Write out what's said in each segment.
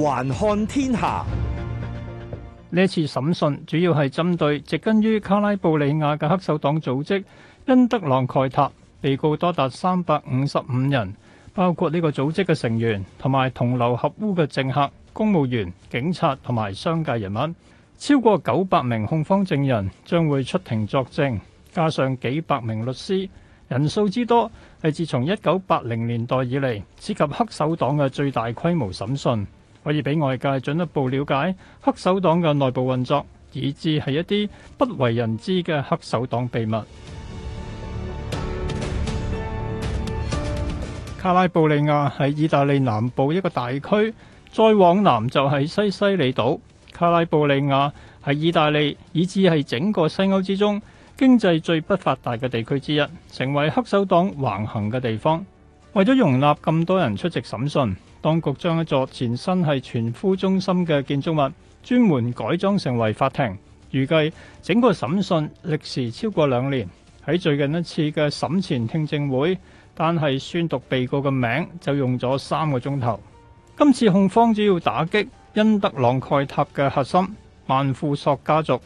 環看天下。呢次審訊主要係針對植根於卡拉布里亞嘅黑手黨組織恩德朗蓋塔，被告多達三百五十五人，包括呢個組織嘅成員同埋同流合污嘅政客、公務員、警察同埋商界人物。超過九百名控方證人將會出庭作證，加上幾百名律師，人數之多係自從一九八零年代以嚟涉及黑手黨嘅最大規模審訊。可以俾外界進一步了解黑手黨嘅內部運作，以至係一啲不為人知嘅黑手黨秘密。卡拉布里亞係意大利南部一個大區，再往南就係西西里島。卡拉布里亞係意大利，以至係整個西歐之中經濟最不發達嘅地區之一，成為黑手黨橫行嘅地方。為咗容納咁多人出席審訊，當局將一座前身係傳呼中心嘅建築物，專門改裝成為法庭。預計整個審訊歷時超過兩年。喺最近一次嘅審前聽證會，單係宣讀被告嘅名就用咗三個鐘頭。今次控方主要打擊恩德朗蓋塔嘅核心萬富索家族，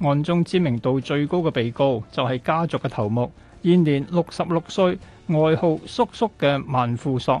案中知名度最高嘅被告就係家族嘅頭目，現年六十六歲，外號叔叔嘅萬富索。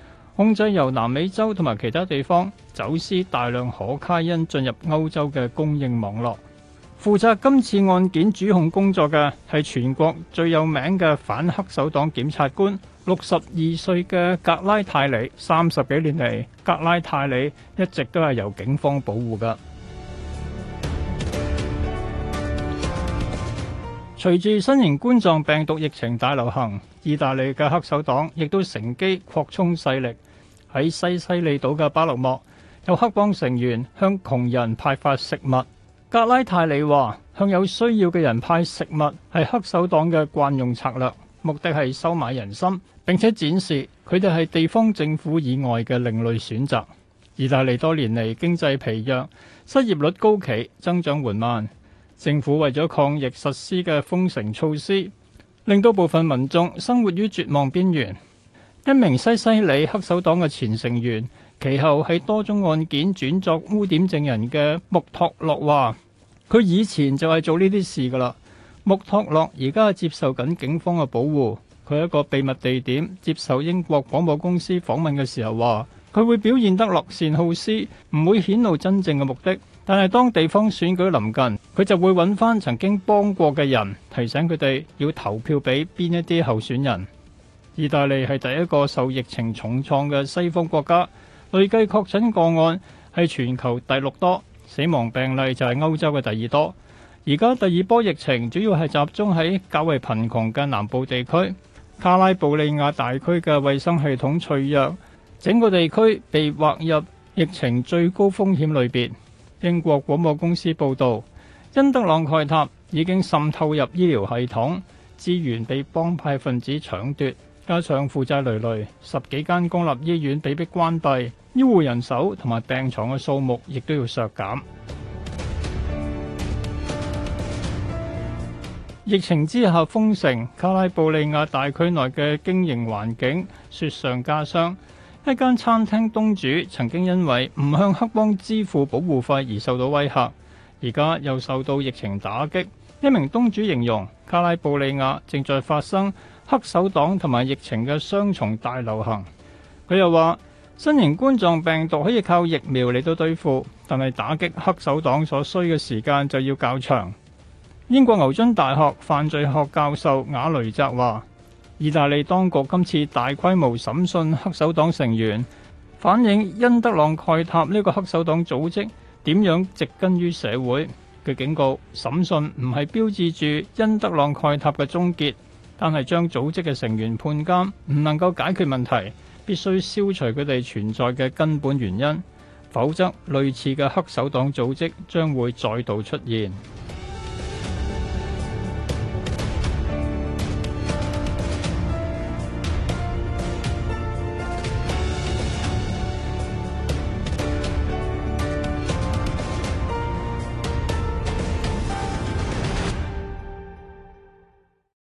控制由南美洲同埋其他地方走私大量可卡因進入歐洲嘅供應網絡。負責今次案件主控工作嘅係全國最有名嘅反黑手黨檢察官，六十二歲嘅格拉泰里。三十幾年嚟，格拉泰里一直都係由警方保護噶。隨住新型冠狀病毒疫情大流行，意大利嘅黑手黨亦都乘機擴充勢力。喺西西里島嘅巴勒莫，有黑幫成員向窮人派發食物。格拉泰里話：向有需要嘅人派食物係黑手黨嘅慣用策略，目的係收買人心，並且展示佢哋係地方政府以外嘅另類選擇。意大利多年嚟經濟疲弱，失業率高企，增長緩慢。政府為咗抗疫實施嘅封城措施，令到部分民眾生活於絕望邊緣。一名西西里黑手黨嘅前成員，其後喺多宗案件轉作污點證人嘅穆托洛話，佢以前就係做呢啲事㗎喇。穆托洛而家接受緊警方嘅保護，佢喺一個秘密地點接受英國廣播公司訪問嘅時候話，佢會表現得樂善好施，唔會顯露真正嘅目的。但係，當地方選舉臨近，佢就會揾翻曾經幫過嘅人，提醒佢哋要投票俾邊一啲候選人。意大利係第一個受疫情重創嘅西方國家，累計確診個案係全球第六多，死亡病例就係歐洲嘅第二多。而家第二波疫情主要係集中喺較為貧窮嘅南部地區，卡拉布利亞大區嘅衛生系統脆弱，整個地區被劃入疫情最高風險類別。英國廣播公司報道，因特朗蓋塔已經滲透入醫療系統，資源被幫派分子搶奪，加上負債纍纍，十幾間公立醫院被迫關閉，醫護人手同埋病床嘅數目亦都要削減。 疫情之下封城，卡拉布利亞大區內嘅經營環境雪上加霜。一間餐廳東主曾經因為唔向黑幫支付保護費而受到威嚇，而家又受到疫情打擊。一名東主形容，卡拉布里亞正在發生黑手黨同埋疫情嘅雙重大流行。佢又話，新型冠狀病毒可以靠疫苗嚟到對付，但係打擊黑手黨所需嘅時間就要較長。英國牛津大學犯罪學教授瓦雷澤話。意大利當局今次大規模審訊黑手黨成員，反映恩德朗蓋塔呢個黑手黨組織點樣植根於社會。佢警告，審訊唔係標誌住恩德朗蓋塔嘅終結，但係將組織嘅成員判監唔能夠解決問題，必須消除佢哋存在嘅根本原因，否則類似嘅黑手黨組織將會再度出現。